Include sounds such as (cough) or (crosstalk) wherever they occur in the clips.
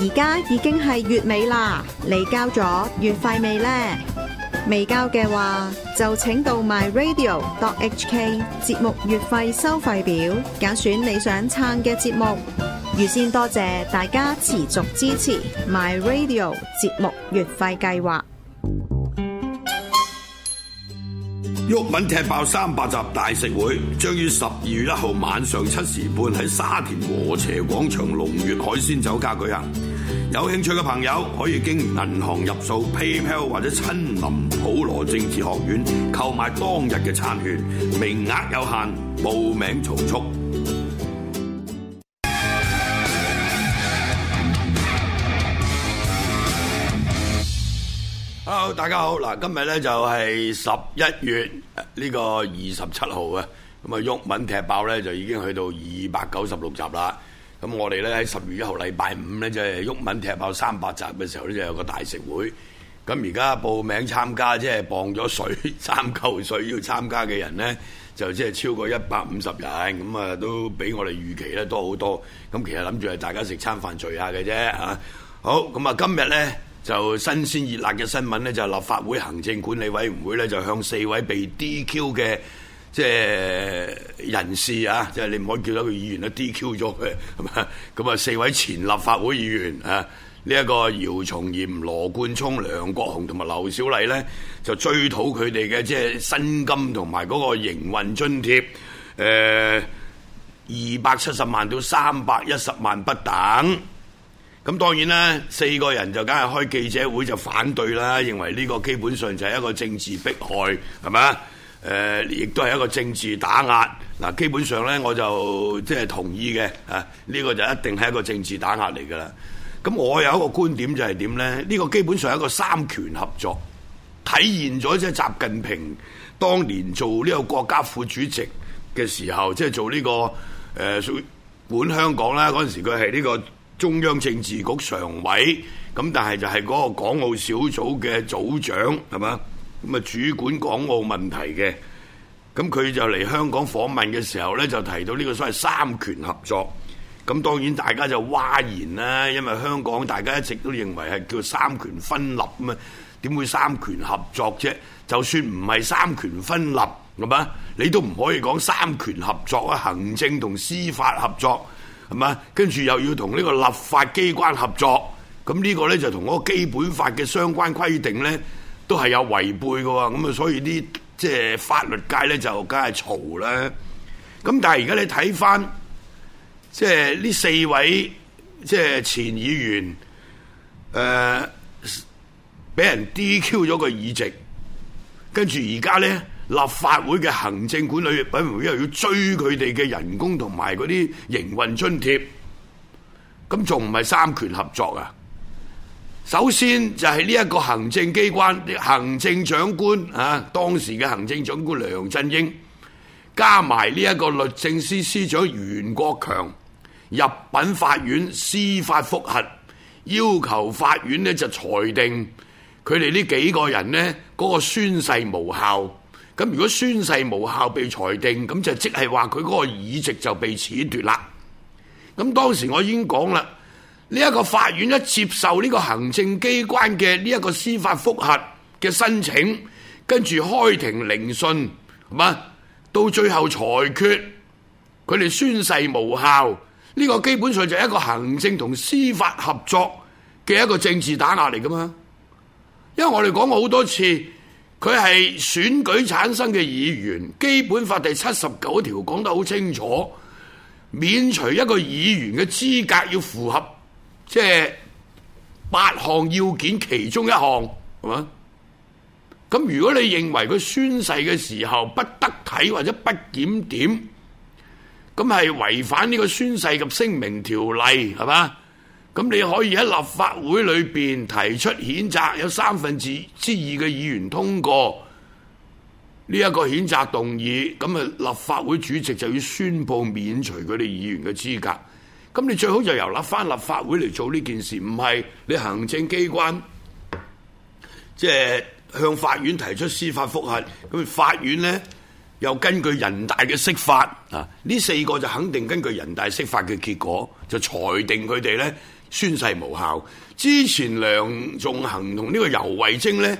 而家已經係月尾啦，你交咗月費未呢？未交嘅話，就請到 My Radio dot HK 節目月費收費表，揀選你想撐嘅節目。預先多謝大家持續支持 My Radio 節目月費計劃。毓民踢爆三百集大食會，將於十二月一號晚上七時半喺沙田和斜廣，廣場龍悦海鮮酒家舉行。有興趣嘅朋友可以經銀行入數 PayPal 或者親臨普羅政治學院購買當日嘅餐券，名額有限，報名從速。Hello，大家好，嗱，今日咧就係十一月呢個二十七號啊，咁啊，毓民踢爆咧就已經去到二百九十六集啦。咁我哋咧喺十二月一號禮拜五咧，就係、是、毓民踢爆三百集嘅時候咧，就有個大食會。咁而家報名參加，即係傍咗水三嚿水要參加嘅人咧，就即係超過一百五十人。咁啊，都比我哋預期咧多好多。咁其實諗住係大家食餐飯聚下嘅啫啊。好，咁啊，今日咧就新鮮熱辣嘅新聞咧，就是、立法會行政管理委員會咧，就向四位被 DQ 嘅。即係人士啊，即係你唔可以叫咗個議員啦，DQ 咗佢，係嘛？咁啊，四位前立法會議員啊，呢、這、一個姚松炎、羅冠聰、梁國雄同埋劉小麗呢，就追討佢哋嘅即係薪金同埋嗰個營運津貼，誒二百七十萬到三百一十萬不等。咁當然啦，四個人就梗係開記者會就反對啦，認為呢個基本上就係一個政治迫害，係嘛？誒、呃，亦都係一個政治打壓嗱，基本上咧，我就即係同意嘅啊，呢、這個就一定係一個政治打壓嚟㗎啦。咁、啊、我有一個觀點就係點咧？呢、這個基本上係一個三權合作，體現咗即係習近平當年做呢個國家副主席嘅時候，即係做呢、這個誒管、呃、香港啦。嗰陣時佢係呢個中央政治局常委，咁但係就係嗰個港澳小組嘅組長，係咪啊？咁啊，主管港澳問題嘅，咁佢就嚟香港訪問嘅時候呢，就提到呢個所謂三權合作。咁當然大家就嘩然啦，因為香港大家一直都認為係叫三權分立㗎嘛，點會三權合作啫？就算唔係三權分立，係咪？你都唔可以講三權合作啊，行政同司法合作係咪？跟住又要同呢個立法機關合作，咁呢個呢，就同嗰個基本法嘅相關規定呢。都係有違背嘅喎，咁啊，所以啲即係法律界咧就梗係嘈啦。咁但係而家你睇翻，即係呢四位即係、就是、前議員，誒、呃、俾人 DQ 咗個議席，跟住而家咧立法會嘅行政管理委員會又要追佢哋嘅人工同埋嗰啲營運津貼，咁仲唔係三權合作啊？首先就係呢一個行政機關，行政長官啊，當時嘅行政長官梁振英，加埋呢一個律政司司長袁國強入禀法院司法復核，要求法院咧就裁定佢哋呢幾個人咧嗰個宣誓無效。咁如果宣誓無效被裁定，咁就即係話佢嗰個議席就被褫奪啦。咁當時我已經講啦。呢一個法院一接受呢個行政機關嘅呢一個司法複核嘅申請，跟住開庭聆訊，係嘛，到最後裁決，佢哋宣誓無效，呢、呢個基本上就係一個行政同司法合作嘅一個政治打壓嚟噶嘛。因為我哋講過好多次，佢係選舉產生嘅議員，基本法第七十九條講得好清楚，免除一個議員嘅資格要符合。即係八項要件其中一項，係嘛？咁如果你認為佢宣誓嘅時候不得體或者不檢點，咁係違反呢個宣誓及聲明條例，係嘛？咁你可以喺立法會裏邊提出譴責，有三分之之二嘅議員通過呢一個譴責動議，咁啊立法會主席就要宣布免除佢哋議員嘅資格。咁你最好就由立翻立法會嚟做呢件事，唔係你行政機關即係向法院提出司法複核，咁法院咧又根據人大嘅釋法啊，呢四個就肯定根據人大釋法嘅結果，就裁定佢哋咧宣誓無效。之前梁頌恆同呢個游蕙禎咧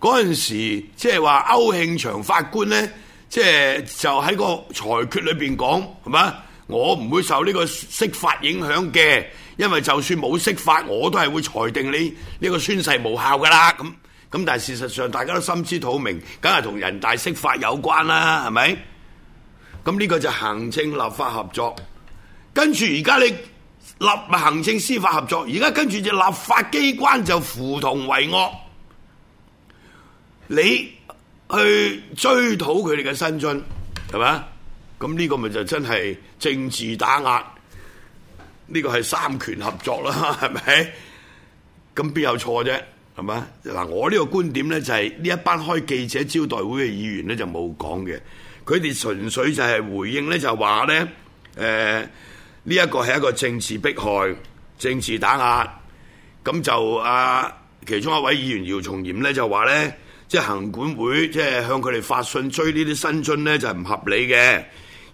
嗰陣時，即係話區慶祥法官咧，即係就喺、是、個裁決裏邊講係嘛？我唔會受呢個釋法影響嘅，因為就算冇釋法，我都係會裁定你呢個宣誓無效噶啦。咁咁，但係事實上大家都心知肚明，梗係同人大釋法有關啦，係咪？咁呢個就行政立法合作，跟住而家你立行政司法合作，而家跟住隻立法機關就扶同為惡，你去追討佢哋嘅薪津係嘛？咁呢個咪就真係政治打壓？呢、這個係三權合作啦，係咪？咁必有錯啫？係嘛？嗱，我呢個觀點呢、就係，就係呢一班開記者招待會嘅議員呢，就冇講嘅，佢哋純粹就係回應呢，就話呢，誒呢一個係一個政治迫害、政治打壓。咁就啊、呃，其中一位議員姚松炎呢，就話呢，即係行管會即係、就係、向佢哋發信追呢啲薪津呢，就唔合理嘅。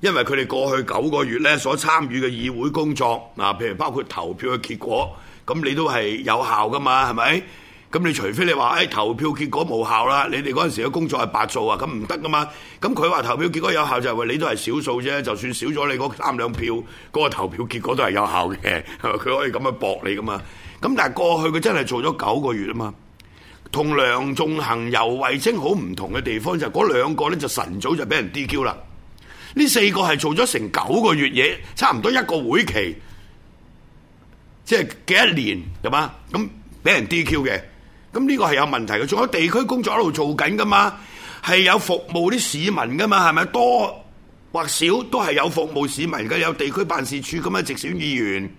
因為佢哋過去九個月咧所參與嘅議會工作，嗱、呃，譬如包括投票嘅結果，咁你都係有效噶嘛，係咪？咁你除非你話，誒、哎、投票結果無效啦，你哋嗰陣時嘅工作係白做啊，咁唔得噶嘛。咁佢話投票結果有效、就是，就係話你都係少數啫，就算少咗你嗰三兩票，嗰、那個投票結果都係有效嘅，佢 (laughs) 可以咁樣駁你噶嘛。咁但係過去佢真係做咗九個月啊嘛。同梁頌恆、游蕙禎好唔同嘅地方就係嗰兩個咧，就晨早就俾人 DQ 啦。呢四個係做咗成九個月嘢，差唔多一個會期，即係幾一年，係嘛？咁俾人 DQ 嘅，咁呢個係有問題嘅。仲有地區工作喺度做緊噶嘛，係有服務啲市民噶嘛，係咪多或少都係有服務市民嘅？有地區辦事處咁嘅直選議員，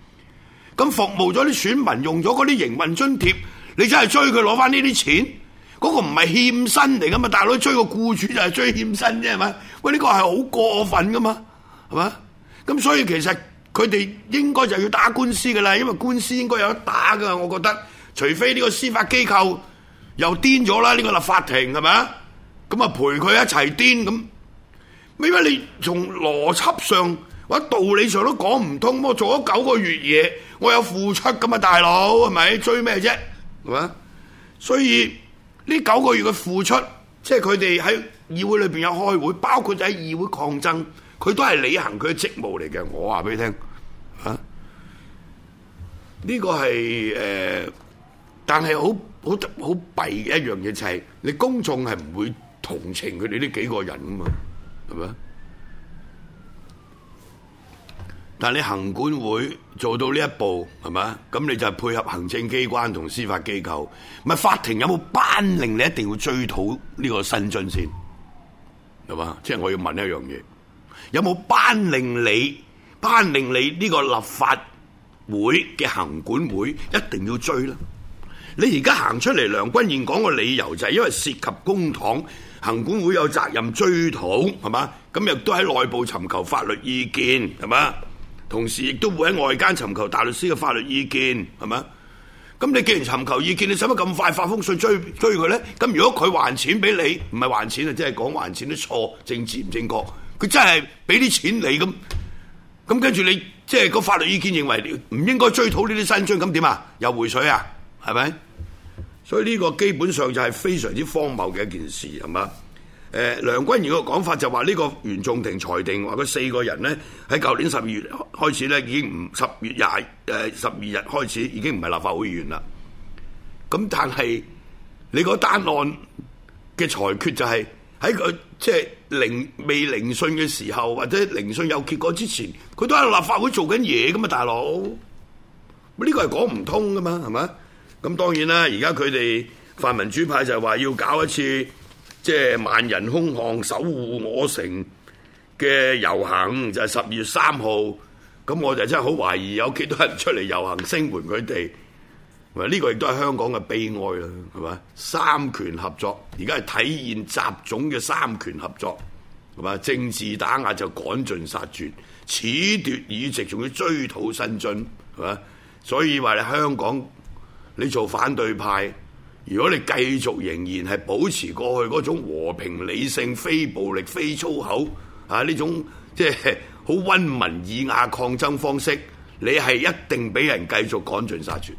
咁服務咗啲選民，用咗嗰啲營運津貼，你真係追佢攞翻呢啲錢？嗰個唔係欠薪嚟噶嘛，大佬追個僱主就係追欠薪啫，係咪？喂，呢個係好過分噶嘛，係咪？咁所以其實佢哋應該就要打官司噶啦，因為官司應該有得打噶，我覺得，除非呢個司法機構又癲咗啦，呢個立法庭係咪咁啊，陪佢一齊癲咁，因為你從邏輯上或者道理上都講唔通，我做咗九個月嘢，我有付出咁啊，大佬係咪？追咩啫，係咪？所以。呢九個月嘅付出，即係佢哋喺議會裏邊有開會，包括就喺議會抗爭，佢都係履行佢嘅職務嚟嘅。我話俾你聽，啊，呢個係誒、呃，但係好好好弊嘅一樣嘢就係，你公眾係唔會同情佢哋呢幾個人啊嘛，係咪啊？但你行管會做到呢一步係嘛？咁你就配合行政機關同司法機構，咪法庭有冇頒令你一定要追討呢個薪津先係嘛？即係、就是、我要問一樣嘢，有冇頒令你頒令你呢個立法會嘅行管會一定要追啦？你而家行出嚟，梁君彥講個理由就係因為涉及公帑，行管會有責任追討係嘛？咁亦都喺內部尋求法律意見係嘛？同時亦都會喺外間尋求大律師嘅法律意見，係咪啊？咁你既然尋求意見，你使乜咁快發封信追追佢咧？咁如果佢還錢俾你，唔係還錢啊，即係講還錢都錯，政治唔正確，佢真係俾啲錢你咁，咁跟住你即係個法律意見認為唔應該追討呢啲薪津，咁點啊？有回水啊？係咪？所以呢個基本上就係非常之荒謬嘅一件事，係咪？誒、呃、梁君彥個講法就話呢個原訟庭裁定話佢四個人咧，喺舊年十二月開始咧，已經唔，十月廿誒十二日開始已經唔係立法會議員啦。咁但係你個單案嘅裁決就係喺佢即係零未聆訊嘅時候，或者聆訊有結果之前，佢都喺立法會做緊嘢噶嘛，大佬？呢個係講唔通噶嘛，係咪？咁當然啦，而家佢哋泛民主派就話要搞一次。即係萬人空巷守護我城嘅遊行，就係十二月三號。咁我就真係好懷疑有幾多人出嚟遊行聲援佢哋。呢、這個亦都係香港嘅悲哀啦，係嘛？三權合作，而家係體現習總嘅三權合作，係嘛？政治打壓就趕盡殺絕，褫奪議席，仲要追討薪津，係嘛？所以話你香港，你做反對派。如果你繼續仍然係保持過去嗰種和平理性、非暴力、非粗口啊，呢種即係好温文爾雅抗爭方式，你係一定俾人繼續趕盡殺絕。